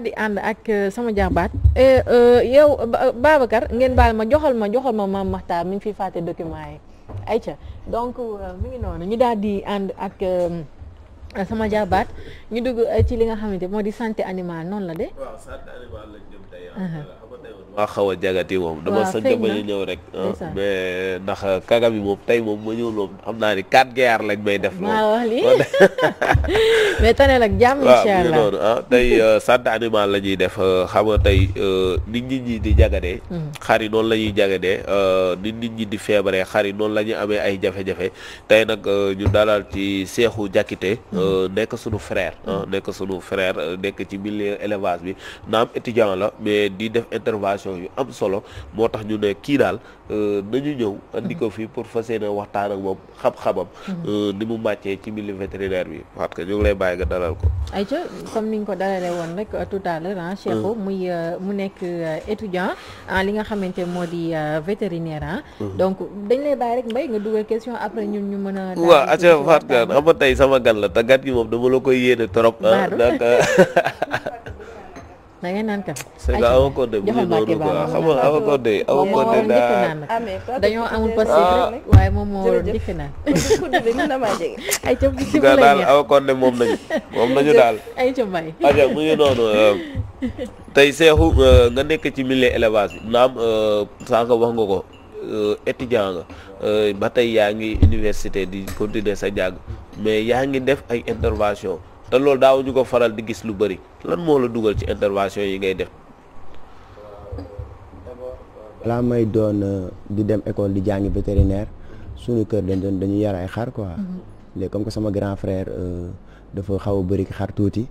di ànd ak euh, sama jàmbaat euh, yow Babacar ngeen baal ma joxal ma joxal ma maam maxtaa mi ngi fiy fàtte document yi ca donc euh, mu ngi noonu ñu daal di ànd ak sama jàmbaat ñu dugg ci li nga xamante moo di santé animale noon la de. maa xaw a jagati moom dama sañ a bañ a ñëw rek ah, mais ndax kaga bi moom tey moom ma ñëwul moom xam naa ni 4 gaillards lañ may def maa wax lii mais tane nag jàmm ah, euh, def euh, xam nga tey euh, nit nit ñi di jagadee hmm. yi noonu la ñuy jagadee nit nit ñi di feebaree xar yi noonu la amee ay jafe-jafe tey nag ñu dalal ci Cheikhou Diakité hmm. nekk suñu frère ah, hmm. nekk suñu frère nekk ci milieu élevage bi naam étudiant la mais di def intervention information yu am solo moo tax ñu ne kii daal euh, nañu ñëw andi ko fi pour fas yéene waxtaan ak moom xam-xamam mhm. euh, ni mu màccee ci milieu vétérinaire bi waat que ñu ngi lay bàyyi nga dalal ko ayca comme niñ ko dalalee woon rek euh, tout à l'heure ah Cheikhou mhm. muy mu nekk étudiant en li nga xamante moo di vétérinaire mhm. donc dañ lay bàyyi rek mbay nga dugal question après ñu mën a waaw aca faat gaan xam nga sama gan la te gan gi moom dama la koy yéene trop ah da ngay naan café. c'est que avocado de bu ñu dooru quoi xam nga avocado de dañoo amul passé waaye moom moo waroon njëkk naan. ay la daal avocado de moom nañu moom nañu daal. ay ca mbay. aja mu ngi noonu euh, tey seexu euh, nga nekk ci milieu élevage naam euh, sànq wax nga ko. étudiant nga ba tey yaa ngi université di continuer sa jàng mais yaa ngi def ay intervention te loolu daawuñu ko faral di gis lu bëri lan moo la dugal ci intervention yi ngay def. balaa may doon euh, di dem école di jàngi vétérinaire suñu kër dañ doon dañu yar ay xar quoi. Mhm. léegi comme que sama grand frère euh, dafa xaw a bëri xar tuuti.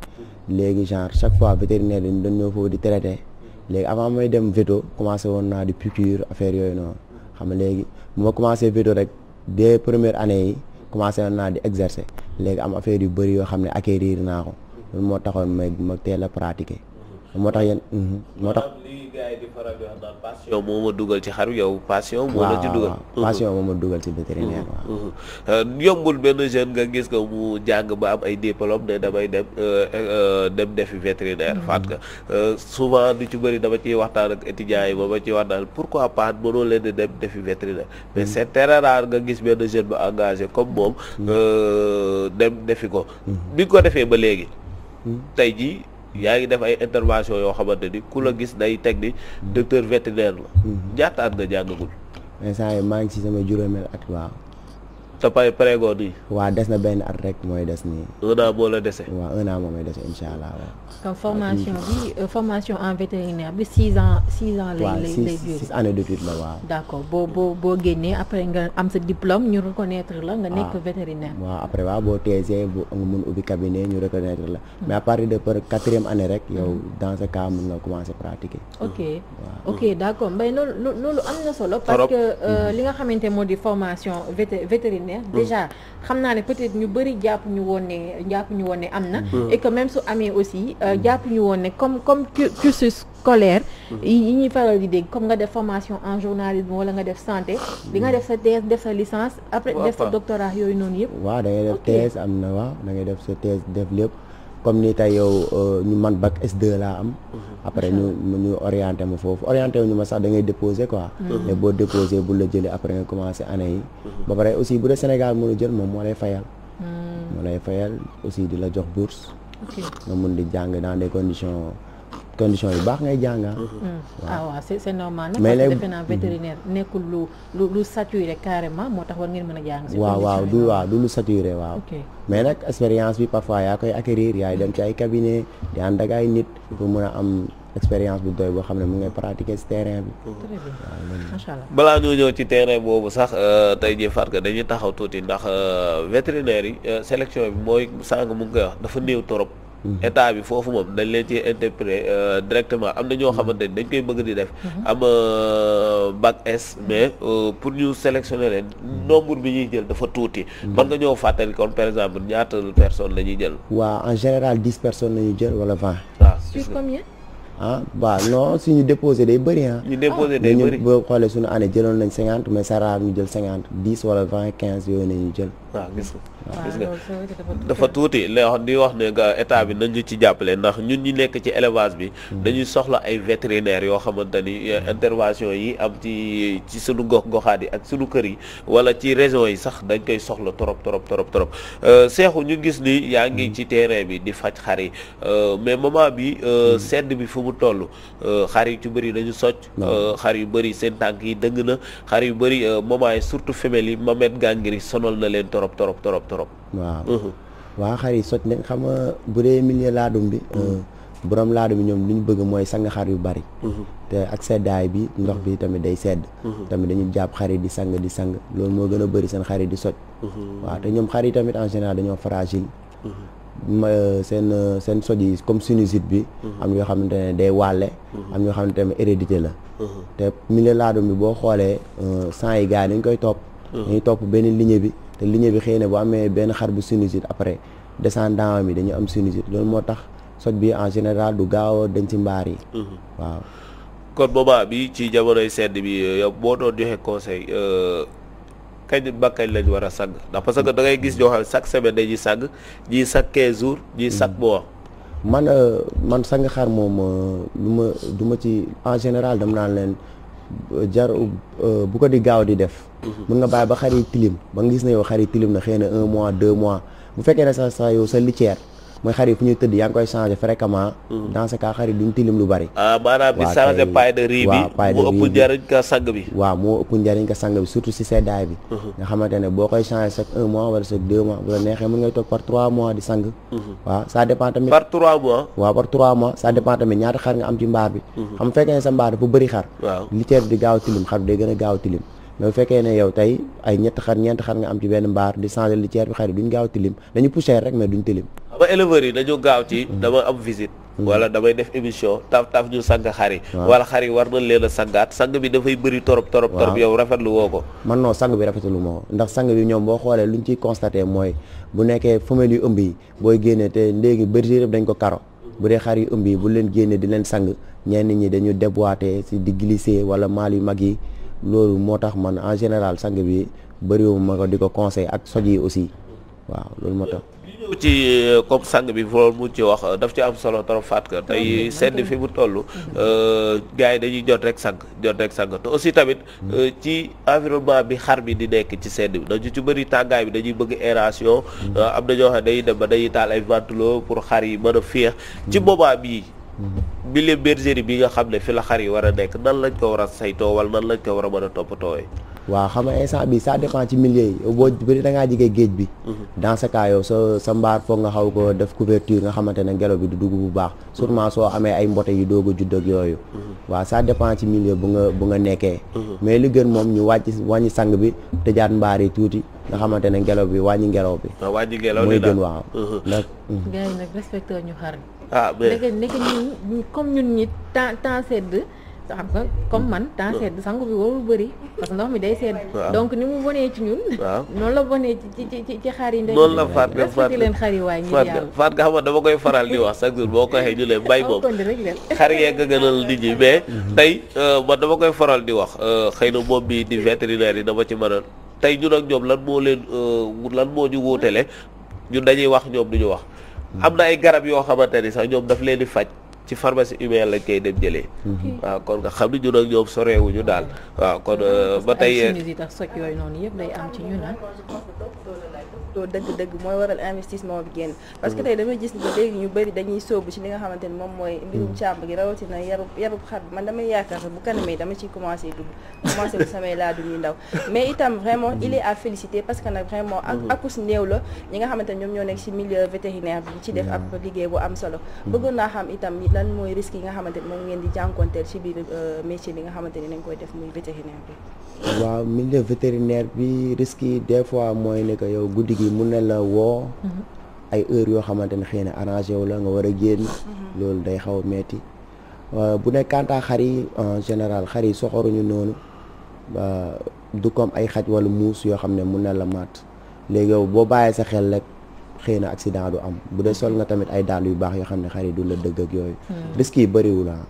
léegi genre chaque fois vétérinaire dañ doon ñëw di traité. léegi avant may dem veto commencé woon naa di piqûre affaire yooyu noonu. xam nga léegi bu ma commencé veto rek dès première année yi commencé woon naa di exercer léegi am affaire yu bëri yoo xam ne ak riir naa ko. moo taxoon may ma teel a pratiquer. moo tax yéen mhm, moo tax. lii passion moo ma dugal ci xar yow passion. moo la ma dugal ci vétérinaire waaw. Mhm, mhm. Euh, yombul benn jeune nga gis ko mu jàng ba am ay diplôme ne damay dem euh, euh, dem defi vétérinaire. faat nga souvent du ci bëri dama ciy waxtaan ak étudiants yi ba ma ciy wax daal pourquoi pas mënoo leen di dem defi vétérinaire. mais c'est très rare nga gis benn jeune ba engagé comme moom. dem defi ko. bi ko defee ba léegi. tey jii yaa ngi def ay intervention yoo xamante ni ku la gis day teg ni docteur vétérinaire la mm-hmm. ñaata at nga jàngagul instant yi maa ngi ci sama juróomeel ak waaw te pay pareegoo nii. waaw des na benn at rek mooy des nii. un an moo la dese. waaw un an moom mooy dese incha allah. waaw formation bi euh, formation en vétérinaire bi six ans six ans. lay lay lay duré six années d'études la waaw. d'accord boo boo boo génnee après nga am sa diplôme ñu reconnaître la nga nekk ah. vétérinaire. waaw après waaw boo teesee bu nga mun ubbi cabinet ñu reconnaître la. Hmm. mais à partir de par quatrième année rek. yow hmm. dans ce cas mun nga commencer pratiquer. ok hmm. ok d'accord Mbaye loolu loolu am na solo. parce que euh, li nga xamante moo di formation vétérinaire. ne mm. déjà xam naa ne peut-être ñu bëri jàpp ñu woon ne jàpp ñu woon ne am na mm. et que su amee aussi euh, mm. jàpp ñu woon ne comme comme cursus scolaire yi ñuy faral di dégg comme nga def formation en journalisme wala nga def santé di nga def sa thèse def sa licence après def sa doctorat yooyu noonu yëpp waaw da ngay def thèse am na waaw da ngay def sa thèse def lépp comme ni tey yow euh, ñu man bac s laa am. Mhm. après ñu ñu oriente ma foofu orienté wu ñu ma sax da ngay déposé quoi. Mhm. mais boo déposé bu la jëlee après nga commencé année yi. Mhm. ba pare aussi bu dee Sénégal mënu jël moom moo lay fayal. Hmm. moo lay fayal aussi di la jox bourse. nga mun di jàng dans des conditions. condition yu baax ngay jàng mm-hmm. mm. ah. waaw waaw c'est c'est normal. nag mm-hmm. lu lu lu carrément moo tax war ngeen mën a jàng. si waaw waaw du lu saturé waaw. mais nag expérience bi parfois yaa koy acquérir yaay dem ci ay cabinet di ànd ak nit. pour mën a am expérience bu doy boo xam ne mu ngay pratiquer si terrain bi. Mm-hmm. très bien macha allah. balaa ñoo ñëw ci terrain boobu sax euh, tey jii Fatou dañuy taxaw tuuti ndax euh, vétérinaire yi euh, sélection bi mooy sàng mu ngi koy dafa néew torop Mm-hmm. état bi foofu moom dañ leen ci interpréter euh, directement am na ñoo mm-hmm. xamante ni dañ koy bëgg di def mm-hmm. am euh, bac S mais euh, pour ñu sélectionner leen nombre bi ñuy jël dafa tuuti mën nga ñëw fàttali kon par exemple ñaata personnes la ñuy jël waaw en général dix personnes la ñuy jël wala vingt waaw ah, ah, sur combien ah waaw non suñu déposé day bëri ñu déposé day bëri ah. boo xoolee suñu année jëloon nañ cinquante mais ça ñu jël cinquante dix wala vingt quinze yooyu nañu jël. waaw dafa tuuti lay wax di wax ne nga état bi nañu ci jàppale ndax ñun ñu nekk ci élevage bi hmm. dañuy soxla ay vétérinaires yoo xamante ni eh, hmm. intervention yi am ci ci suñu gox goxaat yi ak suñu kër yi wala ci région yi sax dañ koy soxla trop trop trop trop euh, seexu ñu gis ni yaa ngi hmm. ci terrain bi di faj xar yi euh, mais moment bi euh, sedd bi fu mu toll xar yu ci bëri dañu socc xar yu bëri seen tànk yi dëng na xar yu bëri moment yi surtout femelles yi mamet gàngiri sonal na leen trop torop torop torop torop waaw mhm. waa xar yi socc nañ xam nga bu dee milieu laadum bi mhm. euh, borom laadum bi ñoom li ñu bëgg mooy sang xar yu bari mhm. te ak seddaay bi ndox bi tamit day sedd tamit dañu jàpp xar yi di sang di sang loolu moo gën a bëri seen xar yi di socc waaw ñoom xar yi tamit en général dañoo fragile euh, seen euh, seen soj yi comme sinusite bi am yoo xamante ne day wàlle am yoo xamante ne hérédité la te milieu laadum bi boo xoolee sang yi gars yi dañ koy topp dañuy topp benn lignée bi te ligne bi xëy na bu amee benn xar bu sinusite après descendant mi dañu am sinusite loolu moo tax soj bi en général du gaaw dañ ci mbaar yi. Mhm. waaw. kon boobaa bi ci jamonoy sedd bi euh, yow boo doon joxe conseil euh, kañ ba kañ lañ war a sàgg ndax parce que da ngay gis ñoo xam ne chaque semaine dañuy sagg ñii chaque quinze jours ñii chaque mhm. mois. man euh, man sang xar moom lu ma du ma ci en général dem naa leen. jar euh, bu ko di gaaw di def. Mhm. mun nga bàyyi ba xar yi tilim ba nga gis na yow xar yi tilim na xëy na un mois deux mois bu fekkee ne sa sa yow sa litière. mooy xar yi fu ñuy tëdd yaa ngi koy changé fréquemment mm-hmm. dans ce cas xar yi duñ tilim lu bari ah, maanaam bi changé paille de riz moo ëpp njariñ ka sang bi waaw moo ëpp njariñ ka sang bi surtout si seddaay bi mm-hmm. nga xamante ne boo koy changé chaque un mois wala chaque deux mois bu la neexee mën ngay toog par trois mois di sang mm-hmm. waaw ça dépend tamit par trois xar nga am ci mbaar bi xam fekkee ne sa mbaar dafa bëri xar litière bi di gaaw tilim xar day gën a gaaw tilim mais bu fekkee ne yow tey ay ñetti xar nga éleveurs yi dañu gaaw ci mm-hmm. dama am visite mm-hmm. wala damay def émission taf taf ñu sang xar yi wala xar yi war na leen a sangaat sang bi dafay bëri torop torop torop yow rafetlu woo ko man non sang bi rafetlu moo ndax sang bi ñoom boo xoolee lu ñu ciy constaté mooy bu nekkee femelle yu ëmb yi booy génnee te léegi bëri yëpp dañ ko karo bu dee xar yu ëmb yi bu leen génnee di leen sang ñenn ñi dañu déboîté si di glisser wala maal yu mag yi loolu moo tax man en général sang bi bëriwuma ma di ko conseil ak soj yi aussi ñëw ci euh, comme sang bi loolu mu ci wax daf ci am solo trop faat kër tey sedd fi mu toll euh, gars yi dañuy jot rek sang jot rek sang te aussi tamit mm. euh, ci environnement bi xar bi di nekk ci sedd bi dañu ci bëri tàggaay bi dañuy bëgg aération mm. am na ñoo xam ne dem ba dañuy taal ay ventilo pour xar yi mën a féex ci mm. boobaa bii milieu bergerie bi nga xam ne fi la xar yi war a nekk nan lañ ko war a saytoo wala nan lañ ko war a mën a toppatooy waaw xam nga instant bi sa dépend ci milieu yi boo bëri da ngaa jege géej bi mhm. dans sa sa mbaar foog nga xaw ko mhm. def couverture nga xamante ne ngelaw bi du dugg bu baax mhm. sûrement soo amee ay mbote yu doog a judd yooyu waa sa dépend ci milieu bu nga bu nga nekkee mais li gën moom ñu wàcc wàññi sang bi tëjaat mbaar yi tuuti nga xamante ne ngelaw bi wàññi ngelaw bi mooy gën waaw nag gars yi nag respecté ñu xar ah nekk nekk ñun comme ñun ñi temps xam nga comme man temps hmm. sedd sangu bi warul bëri parce que ndox mi day sedd hmm. donc ni mu bonee ci ñun noonu la bonee ci ci ci ci xar yi noonu la faat nga faat waay ngir yàlla faat dama koy faral di wax chaque jour boo ko waxee ñu leen bay moom xar yee nga gënal nit ñi mais hmm. tey euh, man dama koy faral di wax euh, xëy na moom bi di vétérinaire yi dama ci mën a tey ñun ak ñoom lan moo leen euh, lan moo di wóotele ñun dañuy wax ñoom du ñu wax am na ay garab yoo xamante ni sax ñoom daf leen di faj ci pharmacie UBL lañ koy dem jëlee. waaw kon nga xam ne ñun ak ñoom soreewuñu daal. waaw kon euh, ba tey ay yooyu noonu yëpp day am ci ah. capitaux dëgg-dëgg mooy waral investissement bi génn parce que tey damay gis ni que léegi ñu bëri dañuy sóobu ci li nga xamante moom mooy mbirum mm. càmb gi rawatina yarub yarub xar man damay yaakaar bu kanamee dama ciy commencé dugg commencé bu samay laa du ndaw mais itam vraiment il est à parce que nag vraiment ak akus néew la ñi nga xamante ñoom ñoo nekk ci milieu vétérinaire bi ci def ab liggéey bu am solo mm. bëggoon naa xam bi mun na la woo mm-hmm. ay heure yoo xamante ne xëy na arrangé wu la nga war a génn mm-hmm. loolu day xaw a metti euh, bu nekk kantaa xar yi en xar yi soxoruñu noonu du kom ay xaj wala muus yoo xam ne mu na la maat léegi boo bàyyee sa xel rek xëy na accident du am bu dee sol nga tamit ay dàll yu baax yoo xam ne xar du la dëgg ak yooyu mm-hmm. risques yi bëriwul ah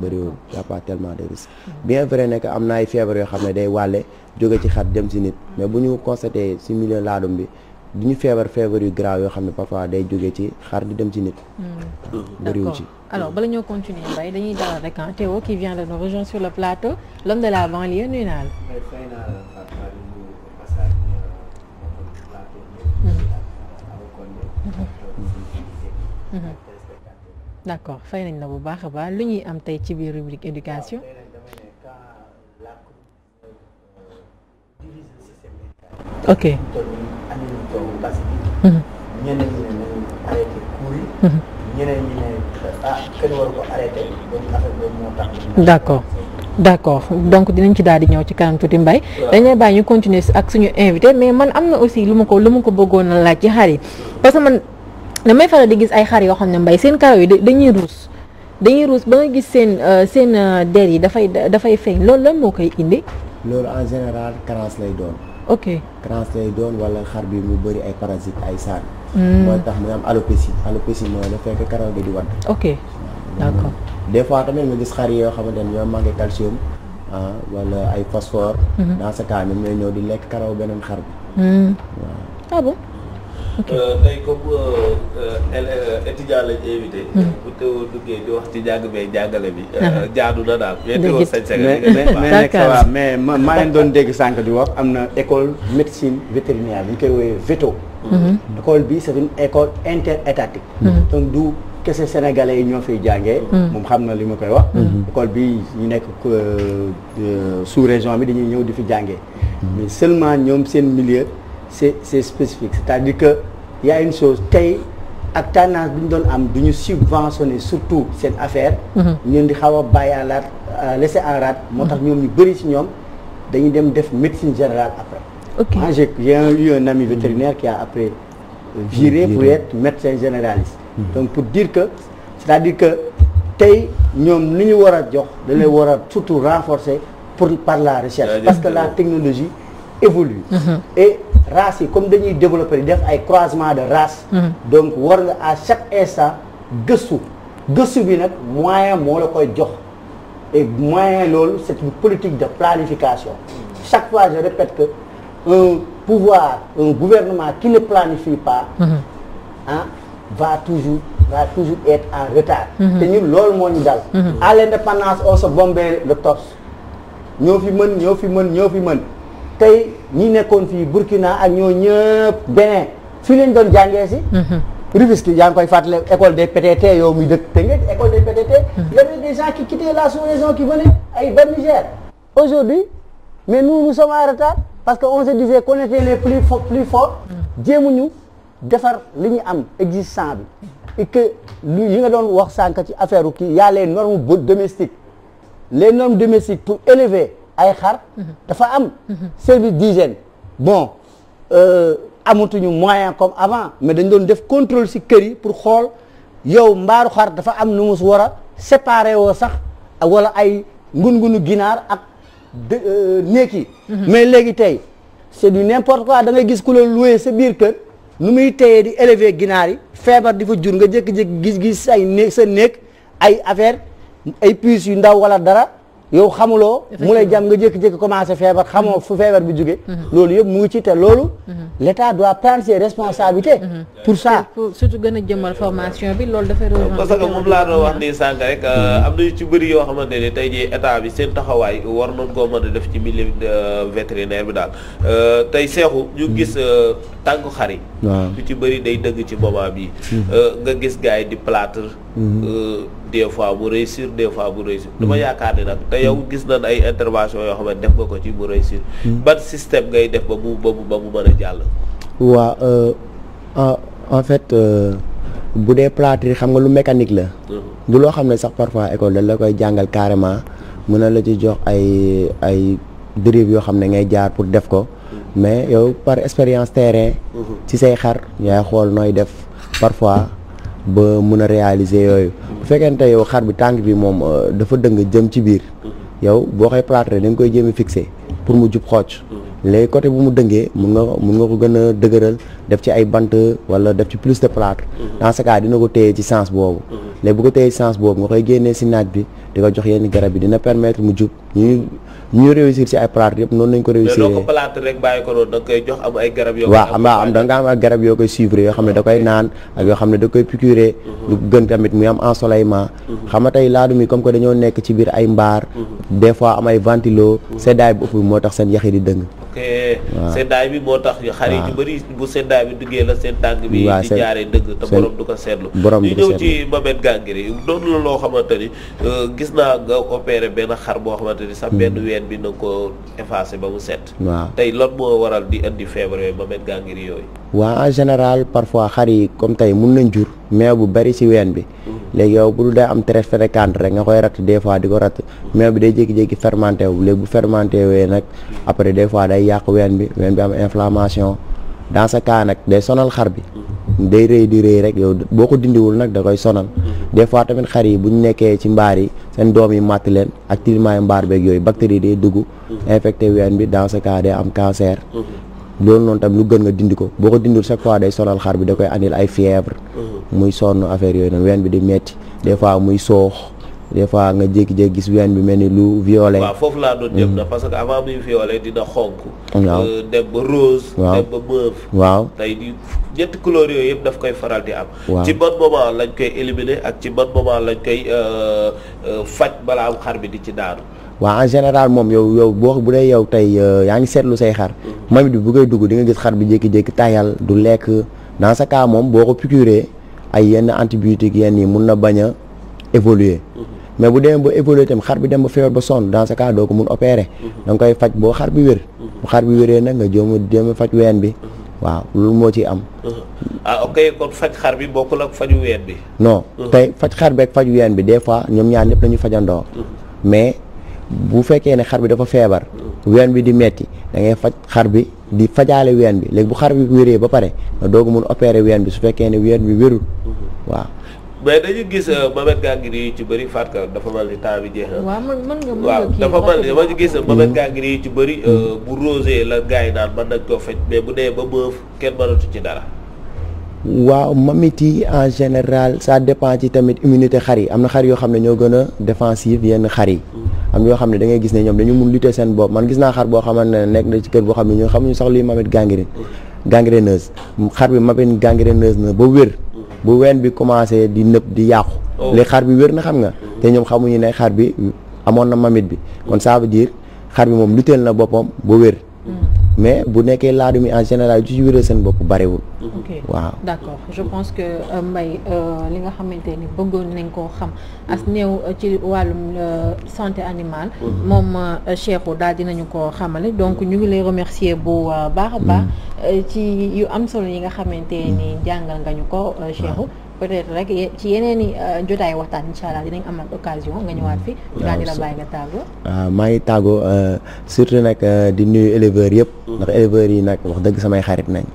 bëriwul y de risques bien vrai ne am na ay feebar yoo xam ne day wàlle jóge ci xar dem si nit mais du ñu feebar feebar yu grave yoo xam ne parfois day jóge ci xar di dem ci nit. Hmm. bëriwu ci alors bala ñoo continuer Mbaye dañuy dalal rek ah Théo qui vient de nous rejoindre sur le plateau l'homme de la banlieue nuyu naa la. Hmm. Hmm. d'accord fey nañ la bu baax a baax lu ñuy am tey ci biir rubrique éducation. ok ñeneen ñi ne nañu moo donc dinañ ci daal di ñëw ci kanam tuuti mbay dañ lay bàyyi ñu continuer ak suñu invité mais man am na aussi lu ma ko lu ma ko bëggoon a laaj ci xar yi parce que man damay faral di gis ay xar yoo xam ne mbay seen karaw yi dañuy ruus dañuy ruus ba nga gis seen euh, seen euh, der yi dafay dafay feeñ loolu la moo koy indi. loolu en général carence lay doon. ok transe lay doon wala xar bi mu bëri ay parasite ay saan hmm. mooy tax mu am alopécie alopécie mooy la fekk karaw gi di wadd ok d'accord des fois tamit nga gis xar yoo xamante ne ñoo manqué calcium ah ay phosphore hmm. dans ce cas ñoom ñooy ñëw di lekk karaw beneen xar bi hmm. waaw ah Euh, tey comme euh, euh, étudiant lañ invité. Hmm. bu teewoo duggee di wax ci jàng bee ah. sa mais mais mais maa leen doon dégg sànq di wax am koy woowee veto. Hmm. école bi c'est une école interétatique. Hmm. donc du kese sénégalais yi ñoo fiy jàngee. moom xam na li ma koy wax. école bi ñu nekk sous région bi dañuy ñëw di fi jàngee. mais seen milieu. c'est c'est spécifique c'est-à-dire que y a une tey ak tendance bi ñu doon am du ñu subventionner surtout seen affaire. Mhm. ñun di xaw a bàyyi en rade euh, laisser en rade. Mhm. moo tax ñoom ñu bëri ci ñoom dañuy dem def médecine générale après. ok moi j'ai eu un ami vétérinaire qui a après viré pour être médecin généraliste. Mhm. donc pour dire que c'est-à-dire que tey ñoom li ñu war a jox. da lay war a surtout renforcer pour par la recherche. parce que la technologie évolue. et race yi comme dañuy développer di def ay croisement de race hmm. donc war nga à chaque instant gëstu gëstu bi nag moyen moo la koy jox et moyen loolu c'est politique de planification chaque fois je répète que un pouvoir un gouvernement qui ne planifie pas hmm. va toujours va toujours être en retard hmm. te ñun loolu moo ñu dal à l'indépendance on se bombait le torse ñoo fi mën ñoo fi mën ñoo fi mën tey ñi nekkoon fii Burkina ak ñoo ñëpp Benin fii lañ doon jàngee si mhm. Rufisque yaa ngi koy fàttali école des PTT yow muy dëkk Tëngéej école des PTT mhm. y avait des gens qui quittaient la sous-région qui venaient ay ba Niger aujourd'hui mais nu nous sommes parce que on se disait qu'on était les plus plus forts mhm. defar li ñu am existant bi yi nga doon wax sànq ci affaire u kii y a les normes domestiques les normes domestiques pour élever ay xar dafa am service d'hygiène bon euh, amatuñu moyen comme avant mais dañ doon def contrôle si kër yi pour xool yow mbaaru xar dafa am nu mu war a séparé woo sax wala ay ngun-ngunu ginaar ak euh, néeg yi mhm. mais léegi tey c'est du n'importe quoi da ngay gis ku la loué sa biir kër nu muy téyee di élever ginaar yi feebar di fa jur nga jékki-jékki gis-gis ay néeg sa néeg ay affaire ay puces yu ndaw wala dara yow xamuloo mu lay jam nga jékki-jékki commencé feebar xamoo fu feebar bi jóge mhm. loolu yëpp mu ngi ci te loolu mhm. l' état doit prendre ses responsabilités mhm. pour ça surtout gën a jëmal formation bi loolu dafay parce que moom laa doon wax nii sànq rek euh, am na ci bëri yoo xamante ne tey jii état bi seen taxawaay war noonu koo mën def ci milieu euh, vétérinaire bi daal euh, tey seexu ñu gis tànk xar yi lu ci bëri day dëgg ci moment bii nga gis gars yi di plâtre Mm-hmm. Euh, des fois bu réussir des fois bu réussir. dama mm-hmm. yaakaar ni nag te yow mm-hmm. gis nañ ay intervention yoo xam ne def nga ko ci bu réussir. ban système ngay def ba mu ba mu ba mu mën a jàll. waaw euh, en en fait euh, bu dee plâtre xam nga lu mécanique la. du loo xam ne sax parfois école dañ la koy jàngal carrément mun na la ci jox ay ay dérive yoo xam ne ngay jaar pour def ko. mais yow par expérience terrain. ci say xar yaay xool nooy def parfois. ba mun a réaliser yooyu bu fekkente yow xar bi tànk bi moom euh, dafa dëng jëm ci biir yow boo koy plâtre da nga koy jéem a fixé pour mu jub xooc léegi côté bu mu dëngee mun nga mun nga ko gën a dëgëral def ci ay bant wala def ci plus de plâtre mm-hmm. dans dina ko téye ci sens boobu mm-hmm. léegi bu ko téye ci sens boobu nga koy génnee si naaj bi di ko jox yenn garab yi dina permettre mu jub ñu ñu réussir ci ay plâtre yëpp noonu lañ ko réussir ko plâtre rek bàyyi ko noonu da nga koy jox am da nga am ay garab yoo koy suivre yoo xam ne da koy naan ak yoo xam ne da koy piqûrer lu mhm. gën tamit muy am ensoleillement mhm. xam nga tey laadum yi comme que dañoo nekk ci biir ay mbaar mhm. des fois am ay ventilo seddaay bu ëpp bi moo tax seen yax yi di dëng ok seddaay bi moo tax xar yi bu seddaay bi duggee la seen tàng bi di jaaree dëgg te borom du ko seetlu borom du ñu ñëw ci Mame Gangiri doon la loo xamante euh, gis naa nga opéré benn xar boo xamante ni sax hmm. benn ween bi na ko effacé ba mu set. waaw tey loolu moo waral di indi feebar yooyu ba met gàngir yooyu. waaw en général parfois xar yi comme tey mun nañ jur mais bu bari si ween bi. Hmm. léegi yow bu dul day am traite fréquente rek nga koy ratt des fois di ko ratt hmm. mais bi day jékki-jékki fermenté wu léegi bu fermenté wee nag après des fois day yàq ween bi ween bi am inflammation dans ce cas nag day sonal xar bi. day rëy di rëy rek yow boo ko dindiwul nag da koy sonal mhm. des fois tamit xar yi bu ñu nekkee ci mbaar yi seen doom yi màtt leen ak tilimaay mbaar beeg yooyu bactérie day dugg mhm. infecté ween bi dans ce cas am cancer mhm. loolu noonu tam lu gën nga dindi ko boo ko dindul chaque fois day sonal xar bi da koy andil ay fièvre muy sonn affaire yooyu nag ween bi di metti des fois muy soox des fois nga jékki-jékki gis ween bi mel ni lu violet. waaw foofu laa doon jëm mm. na parce que avant muy violet dina xonk. waaw euh, dem ba rose. waaw dem ba mauve. waaw tey di ñetti couleurs yooyu yëpp daf koy faral di am. ci bon moment lañ koy éliminer ak ci bon moment lañ koy euh, euh, faj balaa am xar bi di ci daanu. waa en général moom yow yow boo bu dee yow tey yaa ngi seetlu say xar moom it bu koy dugg di nga gis xar bi jékki-jékki tayal du lekk dans ce cas moom boo ko piqûre ay yenn antibiotiques yenn yi mun na bañ a évoluer mais bu demee ba évolué tam xar bi dem ba feebar ba sonn dans ce cas doo ko mun opérer. Mhm. da nga koy faj boo xar bi wér. Mhm. bu xar bi wéree nag nga jéem a faj ween bi. Mhm. waaw lu moo ci am. a ah, ok kon faj xar bi bokkul ak faju ween bi. non tey faj xar bi ak faju ween bi des fois ñoom ñaan ñëpp la fajandoo. mais bu fekkee ne xar bi dafa feebar. ween bi di metti da ngay faj xar bi di fajaale ween bi léegi bu xar bi wéree ba pare nga doogu mun opérer ween bi su fekkee ne ween bi wérul waaw. mais dañu gis euh, Mamet Gangiri yu ci bëri Fatka dafa mel ni temps bi jeex na. waaw man mën nga mën nga Mamet Gangiri yu ci bëri. Euh, hmm. bu rosé la gars yi naan mën nañ koo fecc bu dee ba bëf kenn mënatu ci dara. waaw mamit yi en général ça dépend ci tamit immunité xar yi am na xar yoo xam ne ñoo gën a défensive yenn xar yi. Hmm. am yoo xam ne da ngay gis ne ñoom dañu mun lutter seen bopp man gis naa xar boo xamante ne nekk na ci kër boo xam ne ñoo ñu sax luy Mamet Gangiri. gangréneuse xar bi Mamet gangréneuse na ba wér. bu ween bi commencé di nëb di yàqu oh. léegi xar bi wér na xam nga te ñoom xamuñu ne xar bi amoon na mamit bi kon ça veut xar bi moom lu lutteel na boppam ba wér mais bu nekkee laadum yi en général ci wéral seen bopp barewul ok waaw d' accord je pense que euh, Mbaye euh, li nga xamante ni bëggoon nañ koo xam as néew euh, ci wàllum santé animale mhm. moom Cheikhou daal nañu ko xamale donc mhm. ñu ngi lay remercier bu baax baax mhm. ci yu am solo yi nga xamante ni jàngal nga ñu ko Cheikhou peut-être rek ci yeneen i euh, jotaay waxtaan incha allah dinañ amal occasion nga ñëwaat fi. ñu daal di la bàyyi nga tàggoo. waaw ah, maa ngi tàggoo euh, surtout nag euh, di nuyu éleveurs yëpp. Mm. ndax éleveurs yi nag wax dëgg samay xarit nañ.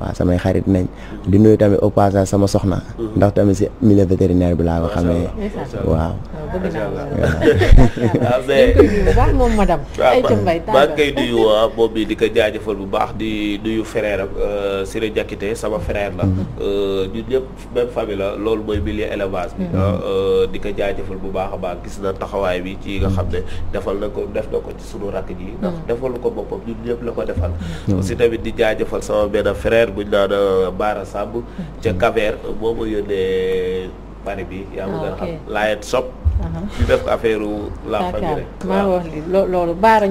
waaw samay xarit nañ di nuyu tamit au passage sama soxna mm-hmm. ndax tamit si milieu vétérinaire bi laa ko xamee waaw ah, ah, maa ngi koy nuyu ah, moom bi di ko jaajëfal bu baax di nuyu frère am euh, Siré Diakité sama frère la mm-hmm. euh, ñun ñëpp famille loolu mooy milieu élevage bi mm-hmm. euh, di ko jaajëfal bu baax a baax gis na taxawaay bi ci nga xam ne defal na ko def na ko ci sunu rakk ji ndax defal ko boppam ñun la ko defal aussi tamit di jaajëfal sama benn frère frère buñ naan euh, Baara Samb ca Kaver hmm. moo euh, ma yónnee bari bi yaa ma ah, gën a xam laayet sop di def affaire la rek loolu Baara